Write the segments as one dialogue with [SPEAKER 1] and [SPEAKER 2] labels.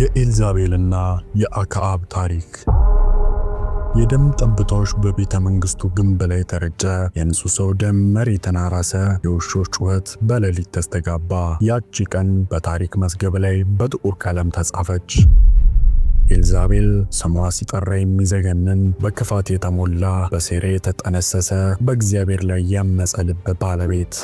[SPEAKER 1] የኤልዛቤልና የአክዓብ ታሪክ የደም ጠብታዎች በቤተ መንግስቱ ግንብ ላይ ተረጨ። የንጹህ ሰው ደም መሬት ተናራሰ። የውሾች ጩኸት በሌሊት ተስተጋባ። ያቺ ቀን በታሪክ መዝገብ ላይ በጥቁር ቀለም ተጻፈች። ኤልዛቤል ስሟ ሲጠራ የሚዘገንን በክፋት የተሞላ በሴራ የተጠነሰሰ በእግዚአብሔር ላይ ያመፀ ልብ ባለቤት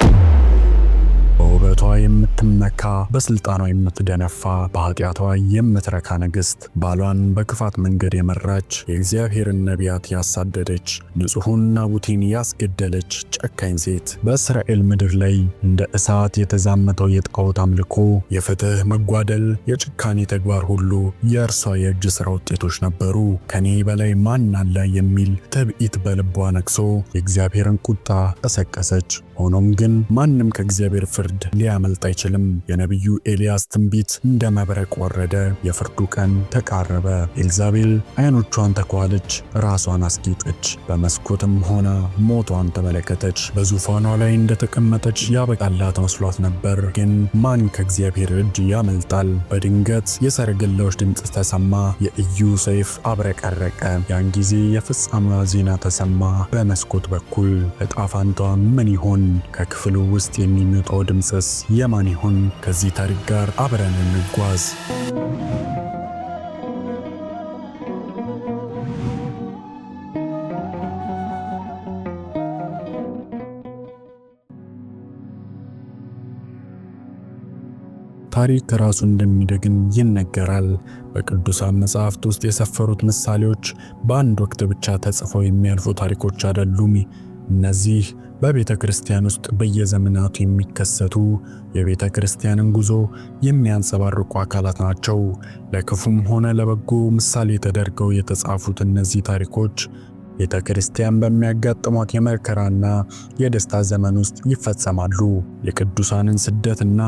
[SPEAKER 1] በውበቷ የምትመካ በስልጣኗ የምትደነፋ በኃጢአቷ የምትረካ ንግሥት ባሏን በክፋት መንገድ የመራች የእግዚአብሔርን ነቢያት ያሳደደች ንጹሑን ናቡቴን ያስገደለች ጨካኝ ሴት በእስራኤል ምድር ላይ እንደ እሳት የተዛመተው የጣዖት አምልኮ፣ የፍትህ መጓደል፣ የጭካኔ ተግባር ሁሉ የእርሷ የእጅ ሥራ ውጤቶች ነበሩ። ከኔ በላይ ማን አለ የሚል ትዕቢት በልቧ ነግሶ የእግዚአብሔርን ቁጣ ቀሰቀሰች። ሆኖም ግን ማንም ከእግዚአብሔር ፍርድ ሊያመልጥ አይችልም። የነቢዩ ኤልያስ ትንቢት እንደ መብረቅ ወረደ። የፍርዱ ቀን ተቃረበ። ኤልዛቤል ዓይኖቿን ተኳለች፣ ራሷን አስጌጠች፣ በመስኮትም ሆነ ሞቷን ተመለከተች። በዙፋኗ ላይ እንደተቀመጠች ያበቃላት መስሏት ነበር። ግን ማን ከእግዚአብሔር እጅ ያመልጣል? በድንገት የሰረገላዎች ድምፅ ተሰማ። የኢዩ ሰይፍ አብረቀረቀ። ያን ጊዜ የፍጻሜዋ ዜና ተሰማ። በመስኮት በኩል ዕጣ ፈንታዋ ምን ይሆን? ከክፍሉ ውስጥ የሚመጣው ድምፅስ የማን ይሆን? ከዚህ ታሪክ ጋር አብረን እንጓዝ። ታሪክ ራሱ እንደሚደግም ይነገራል። በቅዱሳን መጻሕፍት ውስጥ የሰፈሩት ምሳሌዎች በአንድ ወቅት ብቻ ተጽፈው የሚያልፉ ታሪኮች አይደሉም። እነዚህ በቤተ ክርስቲያን ውስጥ በየዘመናቱ የሚከሰቱ የቤተ ክርስቲያንን ጉዞ የሚያንጸባርቁ አካላት ናቸው። ለክፉም ሆነ ለበጎ ምሳሌ ተደርገው የተጻፉት እነዚህ ታሪኮች ቤተ ክርስቲያን በሚያጋጥሟት የመከራና የደስታ ዘመን ውስጥ ይፈጸማሉ። የቅዱሳንን ስደትና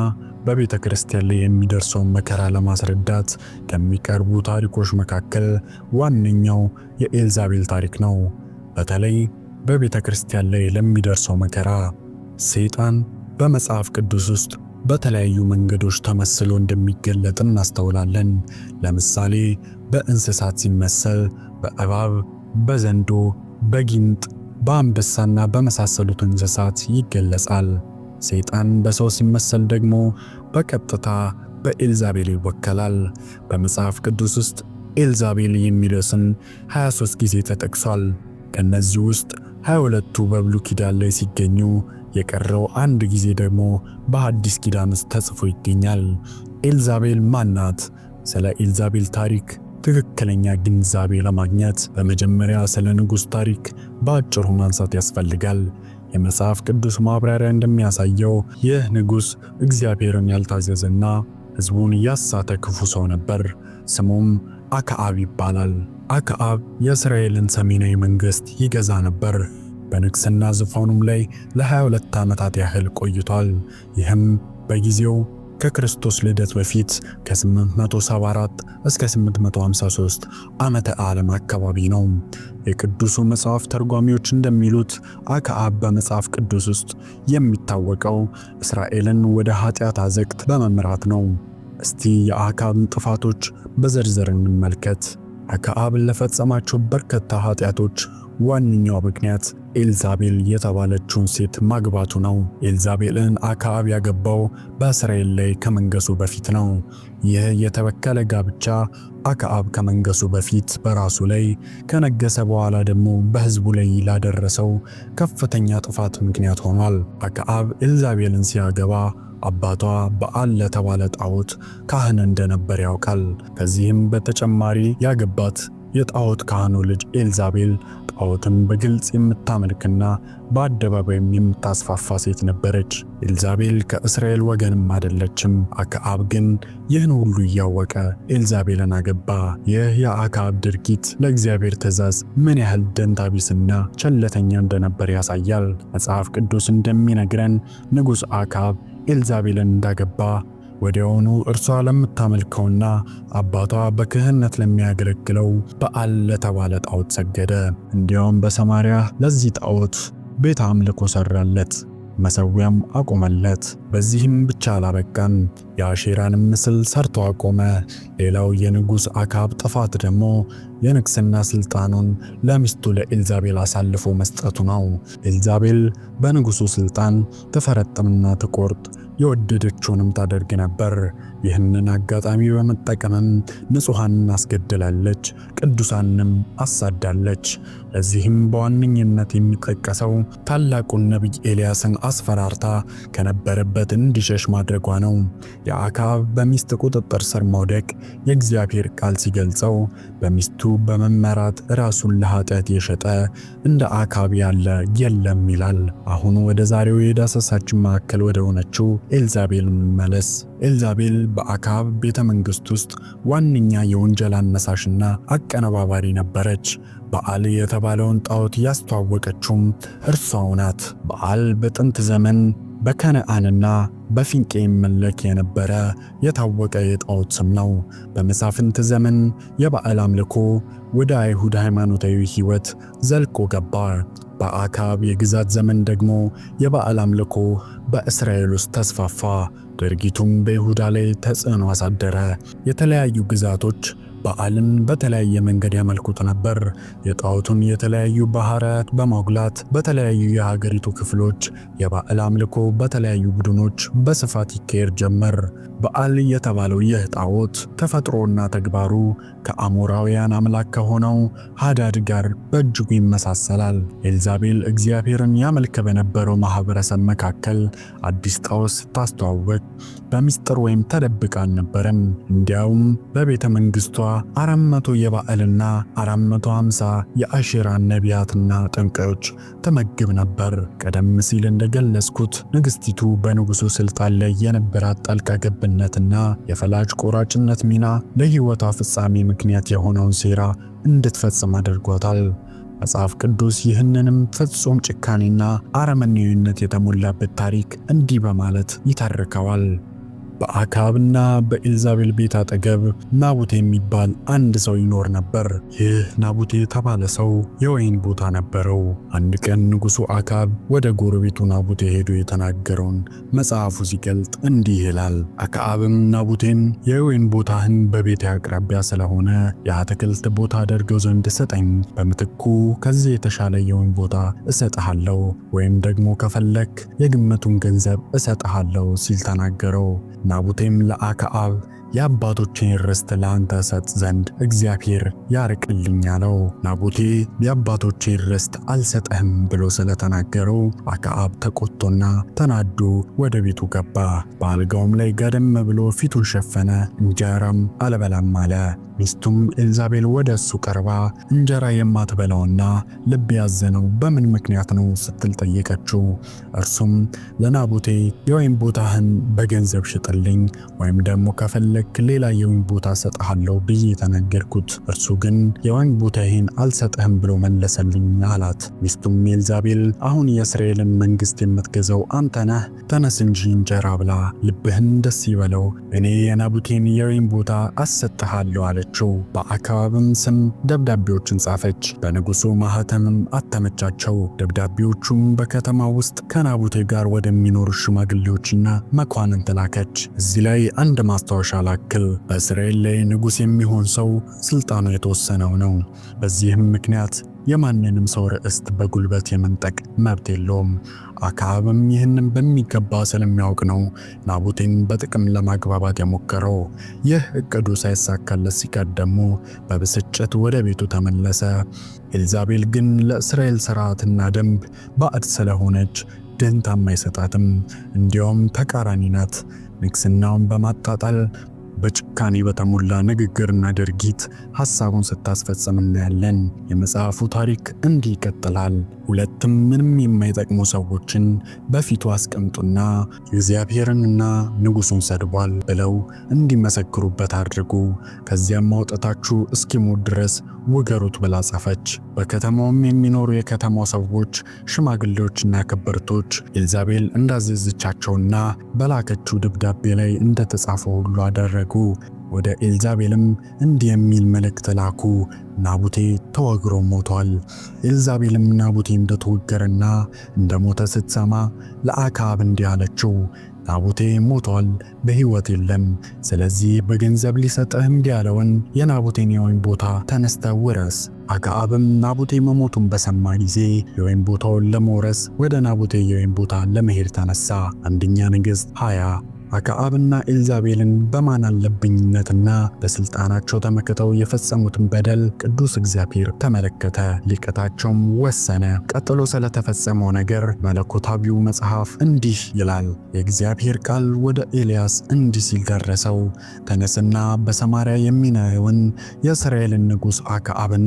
[SPEAKER 1] በቤተ ክርስቲያን ላይ የሚደርሰውን መከራ ለማስረዳት ከሚቀርቡ ታሪኮች መካከል ዋነኛው የኤልዛቤል ታሪክ ነው። በተለይ በቤተ ክርስቲያን ላይ ለሚደርሰው መከራ ሰይጣን በመጽሐፍ ቅዱስ ውስጥ በተለያዩ መንገዶች ተመስሎ እንደሚገለጥ እናስተውላለን። ለምሳሌ በእንስሳት ሲመሰል በእባብ፣ በዘንዶ፣ በጊንጥ፣ በአንበሳና በመሳሰሉት እንስሳት ይገለጻል። ሰይጣን በሰው ሲመሰል ደግሞ በቀጥታ በኤልዛቤል ይወከላል። በመጽሐፍ ቅዱስ ውስጥ ኤልዛቤል የሚለው ስም 23 ጊዜ ተጠቅሷል። ከእነዚህ ውስጥ 22ቱ በብሉ ኪዳን ላይ ሲገኙ የቀረው አንድ ጊዜ ደግሞ በሐዲስ ኪዳን ተጽፎ ይገኛል። ኤልዛቤል ማናት? ስለ ኤልዛቤል ታሪክ ትክክለኛ ግንዛቤ ለማግኘት በመጀመሪያ ስለ ንጉሥ ታሪክ በአጭሩ ማንሳት ያስፈልጋል። የመጽሐፍ ቅዱስ ማብራሪያ እንደሚያሳየው ይህ ንጉሥ እግዚአብሔርን ያልታዘዘና ሕዝቡን ያሳተ ክፉ ሰው ነበር። ስሙም አክዓብ ይባላል። አክዓብ የእስራኤልን ሰሜናዊ መንግስት ይገዛ ነበር። በንግስና ዙፋኑም ላይ ለ22 ዓመታት ያህል ቆይቷል። ይህም በጊዜው ከክርስቶስ ልደት በፊት ከ874 እስከ 853 ዓመተ ዓለም አካባቢ ነው። የቅዱሱ መጽሐፍ ተርጓሚዎች እንደሚሉት አክዓብ በመጽሐፍ ቅዱስ ውስጥ የሚታወቀው እስራኤልን ወደ ኃጢአት አዘቅት በመምራት ነው። እስቲ የአክዓብን ጥፋቶች በዝርዝር እንመልከት። አክዓብ ለፈጸማቸው በርካታ ኃጢአቶች ዋነኛው ምክንያት ኤልዛቤል የተባለችውን ሴት ማግባቱ ነው። ኤልዛቤልን አክዓብ ያገባው በእስራኤል ላይ ከመንገሱ በፊት ነው። ይህ የተበከለ ጋብቻ አክዓብ ከመንገሱ በፊት በራሱ ላይ ከነገሰ በኋላ ደግሞ በሕዝቡ ላይ ላደረሰው ከፍተኛ ጥፋት ምክንያት ሆኗል። አክዓብ ኤልዛቤልን ሲያገባ አባቷ በዓል ለተባለ ጣዖት ካህን እንደነበር ያውቃል። ከዚህም በተጨማሪ ያገባት የጣዖት ካህኑ ልጅ ኤልዛቤል ጣዖትን በግልጽ የምታመልክና በአደባባይም የምታስፋፋ ሴት ነበረች። ኤልዛቤል ከእስራኤል ወገንም አደለችም። አክአብ ግን ይህን ሁሉ እያወቀ ኤልዛቤልን አገባ። ይህ የአክአብ ድርጊት ለእግዚአብሔር ትእዛዝ ምን ያህል ደንታቢስና ቸለተኛ እንደነበር ያሳያል። መጽሐፍ ቅዱስ እንደሚነግረን ንጉሥ አክዓብ ኤልዛቤልን እንዳገባ ወዲያውኑ እርሷ ለምታመልከውና አባቷ በክህነት ለሚያገለግለው በዓል ለተባለ ጣዖት ሰገደ። እንዲያውም በሰማርያ ለዚህ ጣዖት ቤተ አምልኮ ሰራለት፣ መሠዊያም አቆመለት። በዚህም ብቻ አላበቃም፣ የአሼራንም ምስል ሰርቶ አቆመ። ሌላው የንጉሥ አካብ ጥፋት ደግሞ የንግሥና ሥልጣኑን ለሚስቱ ለኤልዛቤል አሳልፎ መስጠቱ ነው። ኤልዛቤል በንጉሡ ሥልጣን ትፈረጥምና ትቆርጥ የወደደችውንም ታደርግ ነበር። ይህንን አጋጣሚ በመጠቀምም ንጹሐንን አስገድላለች፣ ቅዱሳንም አሳዳለች። ለዚህም በዋነኝነት የሚጠቀሰው ታላቁን ነቢይ ኤልያስን አስፈራርታ ከነበረበት እንዲሸሽ ማድረጓ ነው። የአካብ በሚስት ቁጥጥር ስር መውደቅ የእግዚአብሔር ቃል ሲገልጸው በሚስቱ በመመራት ራሱን ለኃጢአት የሸጠ እንደ አካብ ያለ የለም ይላል። አሁን ወደ ዛሬው የዳሰሳችን መካከል ወደ ሆነችው ኤልዛቤል መለስ ኤልዛቤል በአካብ ቤተ መንግሥት ውስጥ ዋነኛ የወንጀል አነሳሽና አቀነባባሪ ነበረች። በዓል የተባለውን ጣዖት ያስተዋወቀችውም እርሷው ናት። በዓል በጥንት ዘመን በከነአንና በፊንቄ ይመለክ የነበረ የታወቀ የጣዖት ስም ነው። በመሳፍንት ዘመን የበዓል አምልኮ ወደ አይሁድ ሃይማኖታዊ ሕይወት ዘልቆ ገባ። በአካብ የግዛት ዘመን ደግሞ የበዓል አምልኮ በእስራኤል ውስጥ ተስፋፋ። ድርጊቱም በይሁዳ ላይ ተጽዕኖ አሳደረ። የተለያዩ ግዛቶች በዓልን በተለያየ መንገድ ያመልኩት ነበር። የጣዖቱን የተለያዩ ባህሪያት በማጉላት በተለያዩ የሀገሪቱ ክፍሎች የበዓል አምልኮ በተለያዩ ቡድኖች በስፋት ይካሄድ ጀመር። በዓል የተባለው ይህ ጣዖት ተፈጥሮና ተግባሩ ከአሞራውያን አምላክ ከሆነው ሃዳድ ጋር በእጅጉ ይመሳሰላል። ኤልዛቤል እግዚአብሔርን ያመልክ በነበረው ማህበረሰብ መካከል አዲስ ጣዖት ስታስተዋወቅ በሚስጥር ወይም ተደብቃ አልነበረም። እንዲያውም በቤተ መንግስቷ አራት የባዕልና አራት አምሳ ሃምሳ ነቢያትና ጠንቋዮች ተመግብ ነበር። ቀደም ሲል እንደገለጽኩት ንግስቲቱ በንጉሱ ስልጣን ላይ የነበራት ጣልቃ ገብነትና የፈላጭ ቆራጭነት ሚና ለህይወቷ ፍጻሜ ምክንያት የሆነውን ሴራ እንድትፈጽም አድርጓታል። መጽሐፍ ቅዱስ ይህንንም ፍጹም ጭካኔና አረመኔዊነት የተሞላበት ታሪክ እንዲህ በማለት ይታርከዋል። በአካብና በኤልዛቤል ቤት አጠገብ ናቡቴ የሚባል አንድ ሰው ይኖር ነበር። ይህ ናቡቴ የተባለ ሰው የወይን ቦታ ነበረው። አንድ ቀን ንጉሡ አካብ ወደ ጎረቤቱ ናቡቴ ሄዶ የተናገረውን መጽሐፉ ሲገልጥ እንዲህ ይላል። አካብም ናቡቴን የወይን ቦታህን በቤት አቅራቢያ ስለሆነ የአትክልት ቦታ አደርገው ዘንድ ሰጠኝ በምትኩ ከዚህ የተሻለ የወይን ቦታ እሰጥሃለሁ፣ ወይም ደግሞ ከፈለክ የግመቱን ገንዘብ እሰጥሃለሁ ሲል ተናገረው። ናቡቴም ለአክዓብ የአባቶችን ርስት ለአንተ ሰጥ ዘንድ እግዚአብሔር ያርቅልኝ አለው። ናቡቴ የአባቶችን ርስት አልሰጠህም ብሎ ስለተናገረው አክዓብ ተቆጥቶና ተናዶ ወደ ቤቱ ገባ። በአልጋውም ላይ ጋደም ብሎ ፊቱን ሸፈነ፣ እንጀራም አልበላም አለ። ሚስቱም ኤልዛቤል ወደ እሱ ቀርባ እንጀራ የማትበላውና ልብ ያዘነው በምን ምክንያት ነው ስትል ጠየቀችው። እርሱም ለናቡቴ የወይን ቦታህን በገንዘብ ሽጥልኝ ወይም ደግሞ ከፈለግ ልክ ሌላ የወይን ቦታ ሰጥሃለሁ ብዬ የተናገርኩት፣ እርሱ ግን የወይን ቦታዬን አልሰጥህም ብሎ መለሰልኝ አላት። ሚስቱም ኤልዛቤል አሁን የእስራኤልን መንግስት የምትገዛው አንተ ነህ፣ ተነስ እንጂ እንጀራ ብላ፣ ልብህን ደስ ይበለው፣ እኔ የናቡቴን የወይን ቦታ አሰጥሃለሁ አለችው። በአካባብም ስም ደብዳቤዎችን ጻፈች፣ በንጉሱ ማህተምም አተመቻቸው። ደብዳቤዎቹም በከተማ ውስጥ ከናቡቴ ጋር ወደሚኖሩ ሽማግሌዎችና መኳንንት ላከች። እዚህ ላይ አንድ ማስታወሻ ያክል በእስራኤል ላይ ንጉሥ የሚሆን ሰው ሥልጣኑ የተወሰነው ነው። በዚህም ምክንያት የማንንም ሰው ርዕስት በጉልበት የመንጠቅ መብት የለውም። አክዓብም ይህንን በሚገባ ስለሚያውቅ ነው ናቡቴን በጥቅም ለማግባባት የሞከረው። ይህ እቅዱ ሳይሳካለት ሲቀር ደግሞ በብስጭት ወደ ቤቱ ተመለሰ። ኤልዛቤል ግን ለእስራኤል ሥርዓትና ደንብ ባዕድ ስለሆነች ደንታም አይሰጣትም፣ እንዲያውም ተቃራኒ ናት። ንግስናውን በማጣጣል በጭካኔ በተሞላ ንግግርና ድርጊት ሐሳቡን ስታስፈጽም እናያለን። የመጽሐፉ ታሪክ እንዲህ ይቀጥላል። ሁለትም ምንም የማይጠቅሙ ሰዎችን በፊቱ አስቀምጡና እግዚአብሔርንና ንጉሡን ሰድቧል ብለው እንዲመሰክሩበት አድርጉ፣ ከዚያም አውጥታችሁ እስኪሞት ድረስ ውገሩት ብላ ጻፈች። በከተማውም የሚኖሩ የከተማው ሰዎች፣ ሽማግሌዎችና ከበርቶች ኤልዛቤል እንዳዘዘቻቸውና በላከችው ደብዳቤ ላይ እንደተጻፈው ሁሉ አደረጉ። ወደ ኤልዛቤልም እንዲህ የሚል መልእክት ላኩ፣ ናቡቴ ተወግሮ ሞቷል። ኤልዛቤልም ናቡቴ እንደተወገረና እንደሞተ ስትሰማ ለአካብ እንዲህ አለችው፣ ናቡቴ ሞቷል፣ በሕይወት የለም። ስለዚህ በገንዘብ ሊሰጥህ እንዲህ ያለውን የናቡቴን የወይን ቦታ ተነስተ ውረስ አክዓብም ናቡቴ መሞቱን በሰማ ጊዜ የወይን ቦታውን ለመውረስ ወደ ናቡቴ የወይን ቦታ ለመሄድ ተነሳ። አንደኛ ነገሥት 20 አክዓብና ኤልዛቤልን በማን አለብኝነትና በስልጣናቸው ተመክተው የፈጸሙትን በደል ቅዱስ እግዚአብሔር ተመለከተ፣ ሊቀጣቸውም ወሰነ። ቀጥሎ ስለተፈጸመው ነገር መለኮታዊው መጽሐፍ እንዲህ ይላል። የእግዚአብሔር ቃል ወደ ኤልያስ እንዲህ ሲል ደረሰው። ተነስና በሰማርያ የሚናየውን የእስራኤልን ንጉሥ አክዓብን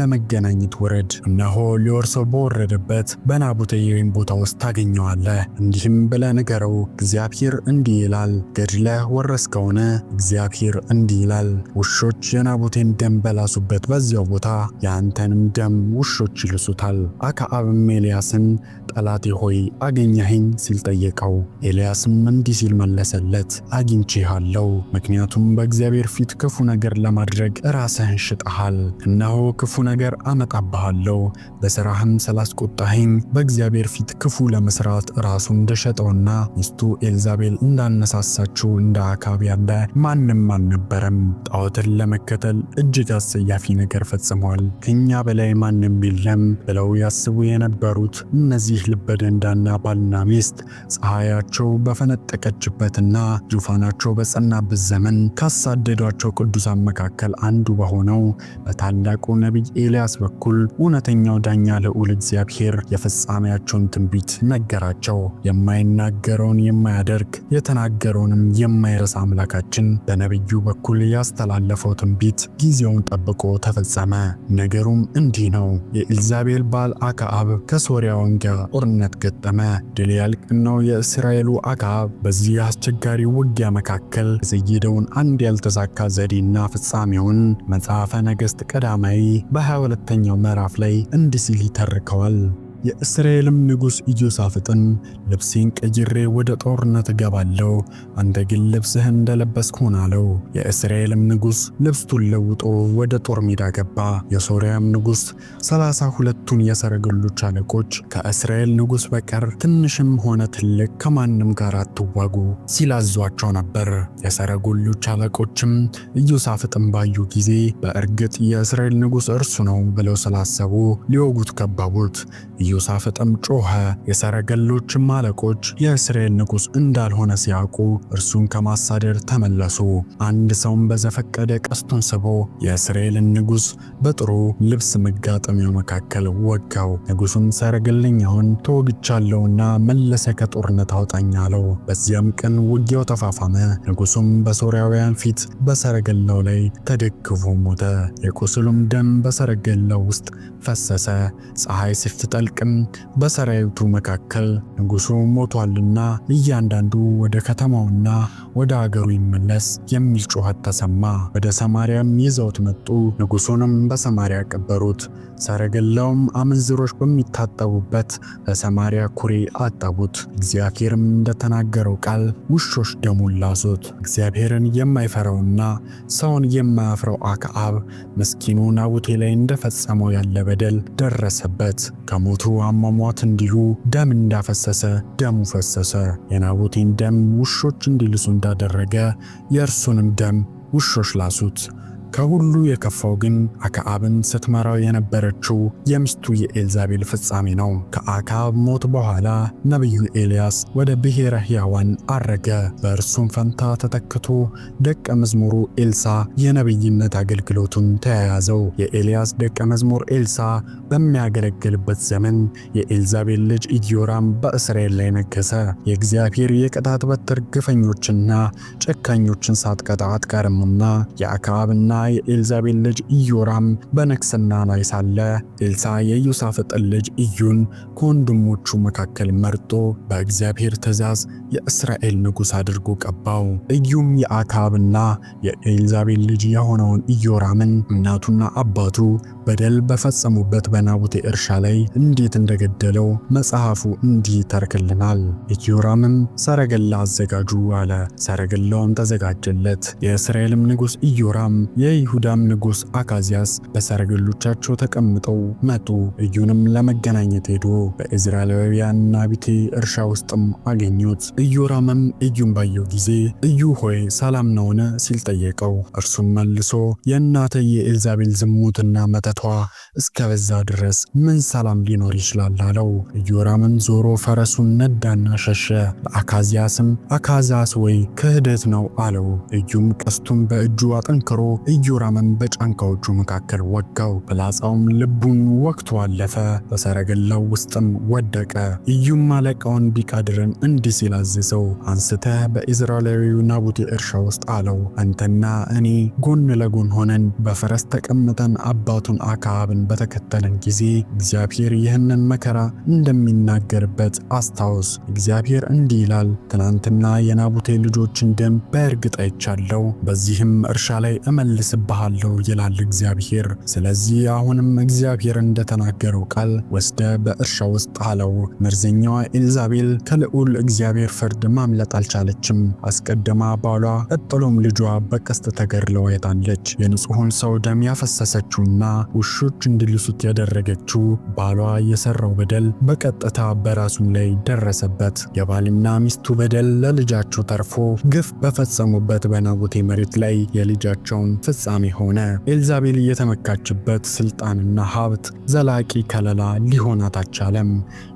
[SPEAKER 1] ለመገናኘት ውረድ። እነሆ ሊወርሰው በወረደበት በናቡቴ ወይም ቦታ ውስጥ ታገኘዋለህ። እንዲህም ብለህ ንገረው እግዚአብሔር እንዲህ ይላል። ገድለህ ወረስ ከሆነ እግዚአብሔር እንዲህ ይላል፣ ውሾች የናቡቴን ደም በላሱበት በዚያው ቦታ የአንተንም ደም ውሾች ይልሱታል። አክዓብም ኤልያስን ጠላቴ ሆይ አገኘኸኝ ሲል ጠየቀው። ኤልያስም እንዲህ ሲል መለሰለት፣ አግኝቼሃለሁ፣ ምክንያቱም በእግዚአብሔር ፊት ክፉ ነገር ለማድረግ ራስህን ሽጠሃል። እነሆ ክፉ ነገር አመጣብሃለሁ። በሥራህም ስላስቆጣኸኝ በእግዚአብሔር ፊት ክፉ ለመስራት ራሱ እንደሸጠውና ሚስቱ ኤልዛቤል እንዳ ያነሳሳችው እንደ አካብ ያለ ማንም አልነበረም። ጣዖትን ለመከተል እጅግ አስጸያፊ ነገር ፈጽሟል። ከኛ በላይ ማንም የለም ብለው ያስቡ የነበሩት እነዚህ ልበደንዳና ባልና ሚስት ፀሐያቸው በፈነጠቀችበትና ዙፋናቸው በጸናበት ዘመን ካሳደዷቸው ቅዱሳን መካከል አንዱ በሆነው በታላቁ ነቢይ ኤልያስ በኩል እውነተኛው ዳኛ ልዑል እግዚአብሔር የፍጻሜያቸውን ትንቢት ነገራቸው። የማይናገረውን የማያደርግ የተና የተናገረውንም የማይረሳ አምላካችን በነቢዩ በኩል ያስተላለፈው ትንቢት ጊዜውን ጠብቆ ተፈጸመ። ነገሩም እንዲህ ነው። የኢልዛቤል ባል አክዓብ ከሶርያውያን ጋር ጦርነት ገጠመ። ድል ያልቀናው የእስራኤሉ አክዓብ በዚህ አስቸጋሪ ውጊያ መካከል የዘየደውን አንድ ያልተሳካ ዘዴና ፍጻሜውን መጽሐፈ ነገሥት ቀዳማዊ በ22ኛው ምዕራፍ ላይ እንዲህ ሲል ይተርከዋል። የእስራኤልም ንጉሥ ኢዮሳፍጥን ልብሴን ቀይሬ ወደ ጦርነት እገባለሁ፣ አንተ ግን ልብስህን እንደለበስክ ሁን አለው። የእስራኤልም ንጉሥ ልብሱን ለውጦ ወደ ጦር ሜዳ ገባ። የሶርያም ንጉሥ ሰላሳ ሁለቱን የሰረገሎች አለቆች ከእስራኤል ንጉሥ በቀር ትንሽም ሆነ ትልቅ ከማንም ጋር አትዋጉ ሲላዟቸው ነበር። የሰረገሎች አለቆችም ኢዮሳፍጥን ባዩ ጊዜ በእርግጥ የእስራኤል ንጉሥ እርሱ ነው ብለው ስላሰቡ ሊወጉት ከባቡት። ኢዮሳፍጥም ጮኸ። የሰረገሎችም አለቆች የእስራኤል ንጉሥ እንዳልሆነ ሲያውቁ እርሱን ከማሳደር ተመለሱ። አንድ ሰውም በዘፈቀደ ቀስቱን ስቦ የእስራኤልን ንጉሥ በጥሩ ልብስ መጋጠሚያው መካከል ወጋው። ንጉሡም ሰረገለኛውን ተወግቻለሁና መለሰ ከጦርነት አውጣኝ አለው። በዚያም ቀን ውጊያው ተፋፋመ። ንጉሡም በሶርያውያን ፊት በሰረገላው ላይ ተደግፎ ሞተ። የቁስሉም ደም በሰረገላው ውስጥ ፈሰሰ። ፀሐይ ስትጠልቅ ቢያውቅም በሰራዊቱ መካከል ንጉሱ ሞቷልና እያንዳንዱ ወደ ከተማውና ወደ አገሩ ይመለስ የሚል ጩኸት ተሰማ። ወደ ሰማርያም ይዘውት መጡ። ንጉሱንም በሰማርያ ቀበሩት። ሰረገላውም አመንዝሮች በሚታጠቡበት በሰማርያ ኩሬ አጠቡት። እግዚአብሔርም እንደተናገረው ቃል ውሾች ደሙን ላሱት። እግዚአብሔርን የማይፈራውና ሰውን የማያፍረው አክዓብ ምስኪኑ ናቡቴ ላይ እንደፈጸመው ያለ በደል ደረሰበት። ከሞቱ አሟሟት እንዲሁ ደም እንዳፈሰሰ ደሙ ፈሰሰ። የናቡቴን ደም ውሾች እንዲልሱ እንዳደረገ የእርሱንም ደም ውሾች ላሱት። ከሁሉ የከፋው ግን አክዓብን ስትመራው የነበረችው የምስቱ የኤልዛቤል ፍጻሜ ነው። ከአክዓብ ሞት በኋላ ነቢዩ ኤልያስ ወደ ብሔረ ሕያዋን አረገ። በእርሱም ፈንታ ተተክቶ ደቀ መዝሙሩ ኤልሳ የነቢይነት አገልግሎቱን ተያያዘው። የኤልያስ ደቀ መዝሙር ኤልሳ በሚያገለግልበት ዘመን የኤልዛቤል ልጅ ኢዮራም በእስራኤል ላይ ነገሰ። የእግዚአብሔር የቅጣት በትር ግፈኞችና ጨካኞችን ሳትቀጣ አትቀርምና የአክዓብና የኤልዛቤል ልጅ ኢዮራም በንግሥና ላይ ሳለ ኤልሳ የኢዮሳፍጥን ልጅ ኢዩን ከወንድሞቹ መካከል መርጦ በእግዚአብሔር ትእዛዝ የእስራኤል ንጉሥ አድርጎ ቀባው። ኢዩም የአካብና የኤልዛቤል ልጅ የሆነውን ኢዮራምን እናቱና አባቱ በደል በፈጸሙበት በናቡቴ እርሻ ላይ እንዴት እንደገደለው መጽሐፉ እንዲህ ይተርክልናል። ኢዮራምም ሰረገላ አዘጋጁ አለ። ሰረገላውም ተዘጋጀለት። የእስራኤልም ንጉሥ ኢዮራም የይሁዳም ንጉሥ አካዚያስ በሰረገሎቻቸው ተቀምጠው መጡ። እዩንም ለመገናኘት ሄዶ በኢዝራኤላውያን ናቡቴ እርሻ ውስጥም አገኙት። ኢዮራምም እዩን ባየው ጊዜ እዩ ሆይ ሰላም ነውን? ሲል ጠየቀው። እርሱም መልሶ የእናተ የኤልዛቤል ዝሙትና መተት toi እስከበዛ ድረስ ምን ሰላም ሊኖር ይችላል አለው። ኢዮራምም ዞሮ ፈረሱን ነዳና ሸሸ። ለአካዝያስም አካዚያስ ወይ ክህደት ነው አለው። እዩም ቀስቱን በእጁ አጠንክሮ ኢዮራምን በጫንቃዎቹ መካከል ወጋው። ፍላጻውም ልቡን ወቅቶ አለፈ። በሰረገላው ውስጥም ወደቀ። እዩም አለቃውን ቢቃድርን እንዲህ ሲል አዘዘው። አንስተህ በኢዝራኤላዊው ናቡቴ እርሻ ውስጥ አለው። አንተና እኔ ጎን ለጎን ሆነን በፈረስ ተቀምጠን አባቱን አክዓብን በተከተልን ጊዜ እግዚአብሔር ይህንን መከራ እንደሚናገርበት አስታውስ። እግዚአብሔር እንዲህ ይላል፣ ትናንትና የናቡቴ ልጆችን ደም በእርግጥ አይቻለሁ፣ በዚህም እርሻ ላይ እመልስብሃለሁ ይላል እግዚአብሔር። ስለዚህ አሁንም እግዚአብሔር እንደተናገረው ቃል ወስደ በእርሻ ውስጥ አለው። መርዘኛዋ ኤልዛቤል ከልዑል እግዚአብሔር ፍርድ ማምለጥ አልቻለችም። አስቀድማ ባሏ እጥሎም ልጇ በቀስት ተገድለው አይታለች። የንጹሑን ሰው ደም ያፈሰሰችውና ውሾች እንዲልሱት ያደረገችው ባሏ የሰራው በደል በቀጥታ በራሱ ላይ ደረሰበት። የባልና ሚስቱ በደል ለልጃቸው ተርፎ ግፍ በፈጸሙበት በናቡቴ መሬት ላይ የልጃቸውን ፍጻሜ ሆነ። ኤልዛቤል የተመካችበት ስልጣንና ሀብት ዘላቂ ከለላ ሊሆናት አልቻለም።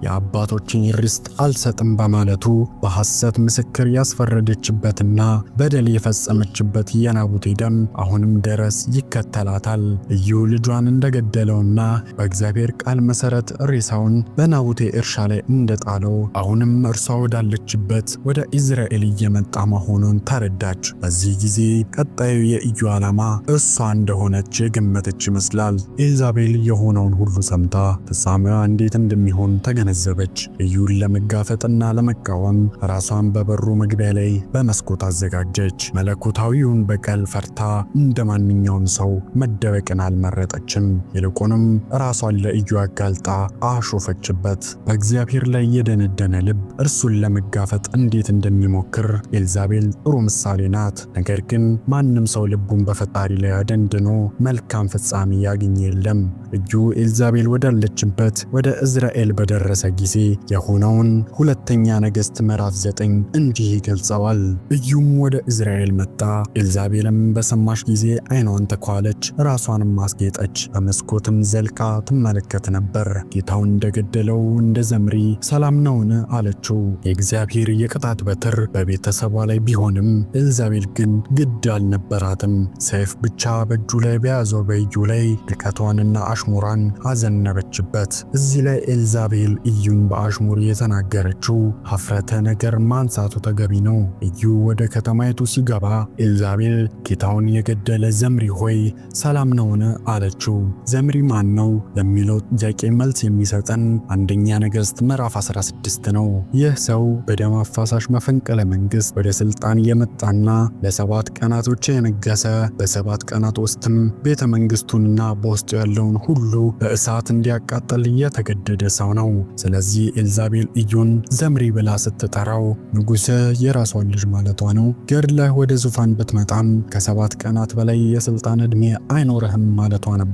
[SPEAKER 1] የአባቶችን ርስት አልሰጥም በማለቱ በሐሰት ምስክር ያስፈረደችበትና በደል የፈጸመችበት የናቡቴ ደም አሁንም ድረስ ይከተላታል። እዩ ልጇን እንደገደለ አቃለለውና በእግዚአብሔር ቃል መሰረት ሬሳውን በናቡቴ እርሻ ላይ እንደጣለው አሁንም እርሷ ወዳለችበት ወደ ኢዝራኤል እየመጣ መሆኑን ተረዳች። በዚህ ጊዜ ቀጣዩ የኢዩ ዓላማ እሷ እንደሆነች የገመተች ይመስላል። ኤልዛቤል የሆነውን ሁሉ ሰምታ ፍጻሜዋ እንዴት እንደሚሆን ተገነዘበች። ኢዩን ለመጋፈጥና ለመቃወም ራሷን በበሩ መግቢያ ላይ በመስኮት አዘጋጀች። መለኮታዊውን በቀል ፈርታ እንደ ማንኛውም ሰው መደበቅን አልመረጠችም። ይልቁንም ራሷን ለእዩ አጋልጣ አሾፈችበት። በእግዚአብሔር ላይ የደነደነ ልብ እርሱን ለመጋፈጥ እንዴት እንደሚሞክር ኤልዛቤል ጥሩ ምሳሌ ናት። ነገር ግን ማንም ሰው ልቡን በፈጣሪ ላይ አደንድኖ መልካም ፍጻሜ ያገኘ የለም። እዩ ኤልዛቤል ወዳለችበት ወደ እዝራኤል በደረሰ ጊዜ የሆነውን ሁለተኛ ነገሥት ምዕራፍ 9 እንዲህ ይገልጸዋል። እዩም ወደ እዝራኤል መጣ። ኤልዛቤልም በሰማሽ ጊዜ ዓይኗን ተኳለች፣ ራሷንም አስጌጠች፣ በመስኮት ሞትም ዘልቃ ትመለከት ነበር። ጌታውን እንደገደለው እንደ ዘምሪ ሰላም ነውን አለችው። የእግዚአብሔር የቅጣት በትር በቤተሰቧ ላይ ቢሆንም ኤልዛቤል ግን ግድ አልነበራትም። ሰይፍ ብቻ በእጁ ላይ በያዘው በኢዩ ላይ ድቀቷንና አሽሙራን አዘነበችበት። እዚህ ላይ ኤልዛቤል እዩን በአሽሙር የተናገረችው ሀፍረተ ነገር ማንሳቱ ተገቢ ነው። እዩ ወደ ከተማይቱ ሲገባ ኤልዛቤል ጌታውን የገደለ ዘምሪ ሆይ ሰላም ነውን አለችው። ዘምሪ መሪ ማን ነው ለሚለው ጥያቄ መልስ የሚሰጠን አንደኛ ነገሥት ምዕራፍ 16 ነው። ይህ ሰው በደም አፋሳሽ መፈንቅለ መንግሥት ወደ ስልጣን የመጣና ለሰባት ቀናቶች የነገሰ በሰባት ቀናት ውስጥም ቤተ መንግስቱንና በውስጡ ያለውን ሁሉ በእሳት እንዲያቃጠል የተገደደ ሰው ነው። ስለዚህ ኤልዛቤል ኢዩን ዘምሪ ብላ ስትጠራው ንጉሰ የራሷን ልጅ ማለቷ ነው። ገድለህ ወደ ዙፋን ብትመጣም ከሰባት ቀናት በላይ የስልጣን ዕድሜ አይኖርህም ማለቷ ነበር።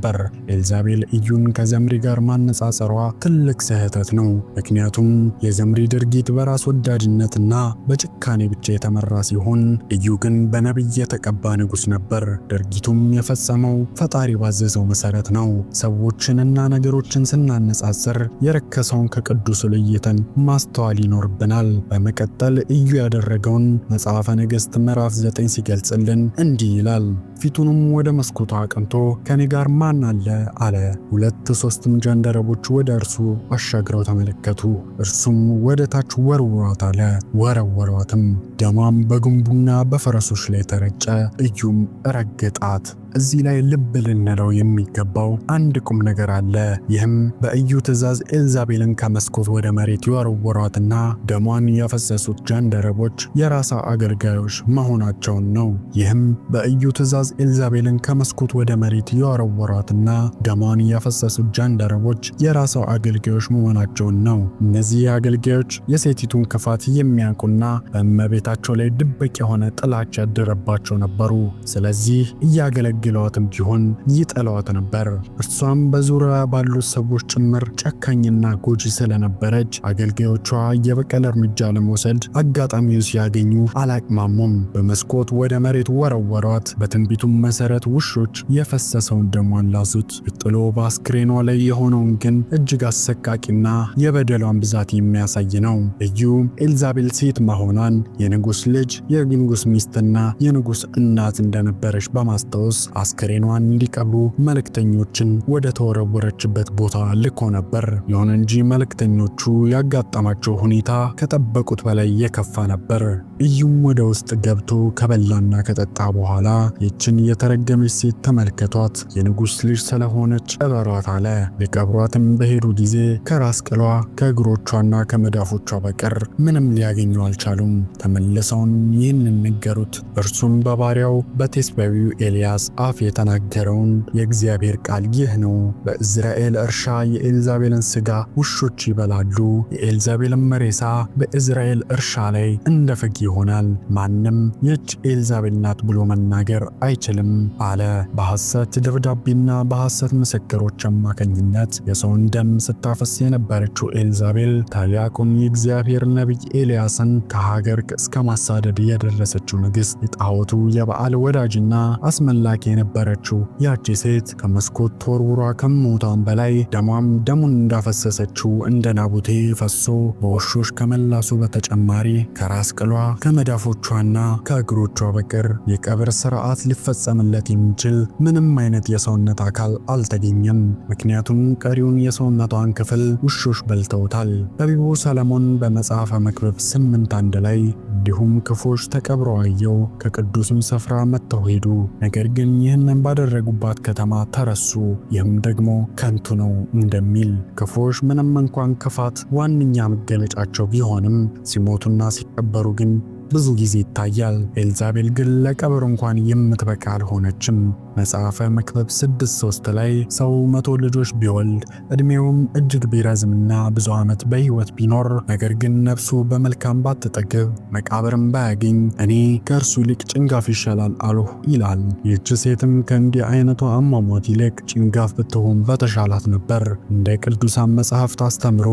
[SPEAKER 1] ኢዛቤል እዩን ከዘምሪ ጋር ማነጻጸሯ ትልቅ ስህተት ነው። ምክንያቱም የዘምሪ ድርጊት በራስ ወዳድነትና በጭካኔ ብቻ የተመራ ሲሆን፣ እዩ ግን በነቢይ የተቀባ ንጉሥ ነበር። ድርጊቱም የፈጸመው ፈጣሪ ባዘዘው መሠረት ነው። ሰዎችንና ነገሮችን ስናነጻጽር የረከሰውን ከቅዱሱ ለይተን ማስተዋል ይኖርብናል። በመቀጠል እዩ ያደረገውን መጽሐፈ ነገሥት ምዕራፍ 9 ሲገልጽልን እንዲህ ይላል። ፊቱንም ወደ መስኮቷ አቅንቶ ከኔ ጋር ማን አለ አለ። ሁለት ሶስትም ጃንደረቦች ወደ እርሱ አሻግረው ተመለከቱ። እርሱም ወደ ታች ወርውሯት አለ። ወረወሯትም። ደሟም በግንቡና በፈረሶች ላይ ተረጨ። እዩም ረገጣት። እዚህ ላይ ልብ ልንለው የሚገባው አንድ ቁም ነገር አለ። ይህም በእዩ ትዕዛዝ ኤልዛቤልን ከመስኮት ወደ መሬት የወረወሯትና ደሟን ያፈሰሱት ጃንደረቦች የራሳ አገልጋዮች መሆናቸውን ነው። ይህም በእዩ ትዕዛዝ ኤልዛቤልን ከመስኮት ወደ መሬት የወረወሯትና ደሟን ያፈሰሱት ጃንደረቦች የራሳው አገልጋዮች መሆናቸውን ነው። እነዚህ አገልጋዮች የሴቲቱን ክፋት የሚያውቁና በእመቤታቸው ላይ ድብቅ የሆነ ጥላቻ ያደረባቸው ነበሩ። ስለዚህ እያገለ ሊገለዋት ቢሆን ይጠላዋት ነበር። እርሷም በዙሪያ ባሉት ሰዎች ጭምር ጨካኝና ጎጂ ስለነበረች አገልጋዮቿ የበቀል እርምጃ ለመውሰድ አጋጣሚው ሲያገኙ አላቅማሙም። በመስኮት ወደ መሬት ወረወሯት። በትንቢቱም መሰረት ውሾች የፈሰሰውን ደሟን ላሱት። ቀጥሎ በአስክሬኗ ላይ የሆነውን ግን እጅግ አሰቃቂና የበደሏን ብዛት የሚያሳይ ነው። ልዩ ኤልዛቤል ሴት መሆኗን የንጉሥ ልጅ የንጉስ ሚስትና የንጉስ እናት እንደነበረች በማስታወስ አስከሬኗን እንዲቀብሩ መልእክተኞችን ወደ ተወረወረችበት ቦታ ልኮ ነበር። ይሁን እንጂ መልእክተኞቹ ያጋጠማቸው ሁኔታ ከጠበቁት በላይ የከፋ ነበር። እዩም ወደ ውስጥ ገብቶ ከበላና ከጠጣ በኋላ ይችን የተረገመች ሴት ተመልከቷት፣ የንጉሥ ልጅ ስለሆነች እበሯት አለ። ሊቀብሯትም በሄዱ ጊዜ ከራስ ቅሏ ከእግሮቿና ከመዳፎቿ በቀር ምንም ሊያገኙ አልቻሉም። ተመልሰውን ይህንን ነገሩት። እርሱም በባሪያው በቴስባዊው ኤልያስ አፍ የተናገረውን የእግዚአብሔር ቃል ይህ ነው። በእዝራኤል እርሻ የኤልዛቤልን ስጋ ውሾች ይበላሉ፣ የኤልዛቤልን መሬሳ በእዝራኤል እርሻ ላይ እንደ ፍግ ይሆናል። ማንም ይች ኤልዛቤል ናት ብሎ መናገር አይችልም አለ። በሐሰት ደብዳቤና በሐሰት ምስክሮች አማካኝነት የሰውን ደም ስታፈስ የነበረችው ኤልዛቤል ታላቁን የእግዚአብሔር ነቢይ ኤልያስን ከሀገር እስከ ማሳደድ የደረሰችው ንግሥት የጣዖቱ የበዓል ወዳጅና አስመላኪ የነበረችው ያቺ ሴት ከመስኮት ተወርውራ ከሞቷም በላይ ደሟም ደሙን እንዳፈሰሰችው እንደ ናቡቴ ፈሶ በውሾች ከመላሱ በተጨማሪ ከራስ ቅሏ ከመዳፎቿና ከእግሮቿ በቀር የቀብር ስርዓት ሊፈጸምለት የሚችል ምንም አይነት የሰውነት አካል አልተገኘም። ምክንያቱም ቀሪውን የሰውነቷን ክፍል ውሾች በልተውታል። ጠቢቡ ሰለሞን በመጽሐፈ መክብብ ስምንት አንድ ላይ እንዲሁም ክፉዎች ተቀብረው አየው፣ ከቅዱስም ስፍራ መጥተው ሄዱ። ነገር ግን ይህንን ባደረጉባት ከተማ ተረሱ፣ ይህም ደግሞ ከንቱ ነው እንደሚል። ክፉዎች ምንም እንኳን ክፋት ዋነኛ መገለጫቸው ቢሆንም ሲሞቱና ሲቀበሩ ግን ብዙ ጊዜ ይታያል። ኤልዛቤል ግን ለቀብር እንኳን የምትበቃ አልሆነችም። መጽሐፈ መክብብ 6፥3 ላይ ሰው መቶ ልጆች ቢወልድ እድሜውም እጅግ ቢረዝምና ብዙ ዓመት በሕይወት ቢኖር ነገር ግን ነፍሱ በመልካም ባትጠግብ መቃብርም ባያገኝ እኔ ከእርሱ ይልቅ ጭንጋፍ ይሻላል አልሁ ይላል። ይህች ሴትም ከእንዲህ አይነቱ አሟሟት ይልቅ ጭንጋፍ ብትሆን በተሻላት ነበር። እንደ ቅዱሳን መጽሐፍት አስተምሮ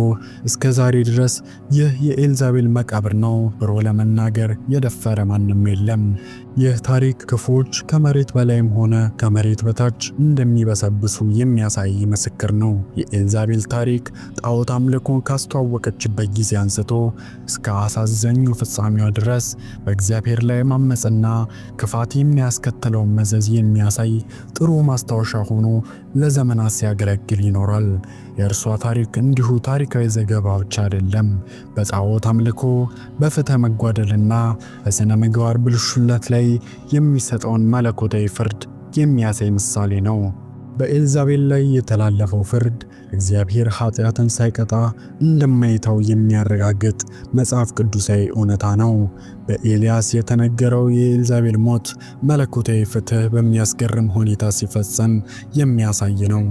[SPEAKER 1] እስከ ዛሬ ድረስ ይህ የኤልዛቤል መቃብር ነው ብሮ ለመናገር ነገር የደፈረ ማንም የለም። ይህ ታሪክ ክፎች ከመሬት በላይም ሆነ ከመሬት በታች እንደሚበሰብሱ የሚያሳይ ምስክር ነው። የኤልዛቤል ታሪክ ጣዖት አምልኮ ካስተዋወቀችበት ጊዜ አንስቶ እስከ አሳዘኙ ፍጻሜዋ ድረስ በእግዚአብሔር ላይ ማመፅና ክፋት የሚያስከትለውን መዘዝ የሚያሳይ ጥሩ ማስታወሻ ሆኖ ለዘመናት ሲያገለግል ይኖራል። የእርሷ ታሪክ እንዲሁ ታሪካዊ ዘገባ ብቻ አይደለም። በጣዖት አምልኮ፣ በፍትህ መጓደልና በሥነ ምግባር ብልሹነት ላይ የሚሰጠውን መለኮታዊ ፍርድ የሚያሳይ ምሳሌ ነው። በኤልዛቤል ላይ የተላለፈው ፍርድ እግዚአብሔር ኃጢአትን ሳይቀጣ እንደማይተው የሚያረጋግጥ መጽሐፍ ቅዱሳዊ እውነታ ነው። በኤልያስ የተነገረው የኤልዛቤል ሞት መለኮታዊ ፍትህ በሚያስገርም ሁኔታ ሲፈጸም የሚያሳይ ነው።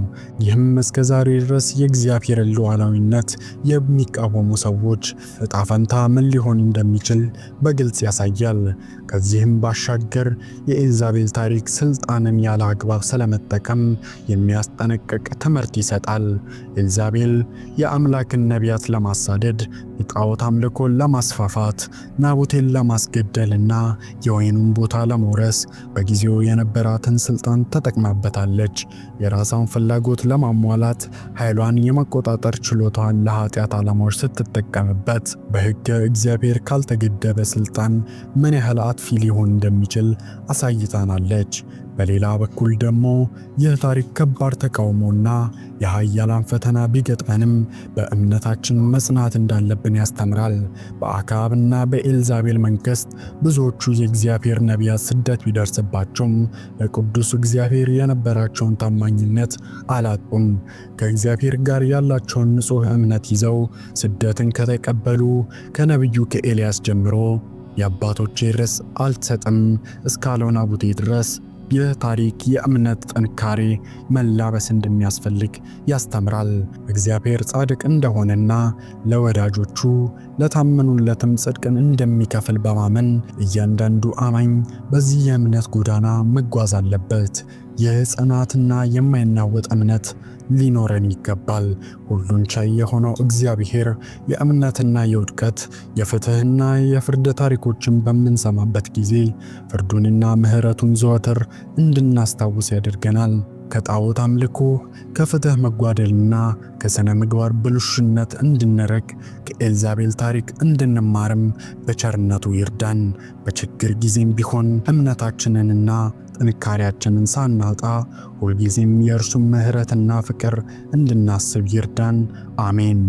[SPEAKER 1] ይህም እስከ ዛሬ ድረስ የእግዚአብሔርን ሉዓላዊነት የሚቃወሙ ሰዎች እጣ ፈንታ ምን ሊሆን እንደሚችል በግልጽ ያሳያል። ከዚህም ባሻገር የኤልዛቤል ታሪክ ስልጣንን ያለ አግባብ ስለመጠቀም የሚያስጠነቅቅ ትምህርት ይሰጣል። ኤልዛቤል የአምላክን ነቢያት ለማሳደድ የጣዖት አምልኮን ለማስፋፋት ናቡቴን ለማስገደልና የወይኑን ቦታ ለመውረስ በጊዜው የነበራትን ስልጣን ተጠቅማበታለች። የራሷን ፍላጎት ለማሟላት ኃይሏን የመቆጣጠር ችሎታዋን ለኃጢአት ዓላማዎች ስትጠቀምበት በሕገ እግዚአብሔር ካልተገደበ ስልጣን ምን ያህል አጥፊ ሊሆን እንደሚችል አሳይታናለች። በሌላ በኩል ደግሞ ይህ ታሪክ ከባድ ተቃውሞና የኃያላን ፈተና ቢገጥመንም በእምነታችን መጽናት እንዳለብን ያስተምራል። በአካብና በኤልዛቤል መንግሥት ብዙዎቹ የእግዚአብሔር ነቢያት ስደት ቢደርስባቸውም ለቅዱሱ እግዚአብሔር የነበራቸውን ታማኝነት አላጡም። ከእግዚአብሔር ጋር ያላቸውን ንጹሕ እምነት ይዘው ስደትን ከተቀበሉ ከነቢዩ ከኤልያስ ጀምሮ የአባቶቼ ርስ አልትሰጥም እስካልሆነ ቡቴ ድረስ ይህ ታሪክ የእምነት ጥንካሬ መላበስ እንደሚያስፈልግ ያስተምራል። እግዚአብሔር ጻድቅ እንደሆነና ለወዳጆቹ ለታመኑለትም ጽድቅን እንደሚከፍል በማመን እያንዳንዱ አማኝ በዚህ የእምነት ጎዳና መጓዝ አለበት። ይህ ጽናትና የማይናወጥ እምነት ሊኖረን ይገባል። ሁሉን ቻይ የሆነው እግዚአብሔር የእምነትና የውድቀት የፍትህና የፍርድ ታሪኮችን በምንሰማበት ጊዜ ፍርዱንና ምሕረቱን ዘወትር እንድናስታውስ ያደርገናል። ከጣዖት አምልኮ ከፍትህ መጓደልና ከሥነ ምግባር ብልሹነት እንድንርቅ ከኤልዛቤል ታሪክ እንድንማርም በቸርነቱ ይርዳን። በችግር ጊዜም ቢሆን እምነታችንንና ጥንካሬያችንን ሳናጣ ሁልጊዜም የእርሱን ምሕረትና ፍቅር እንድናስብ ይርዳን። አሜን።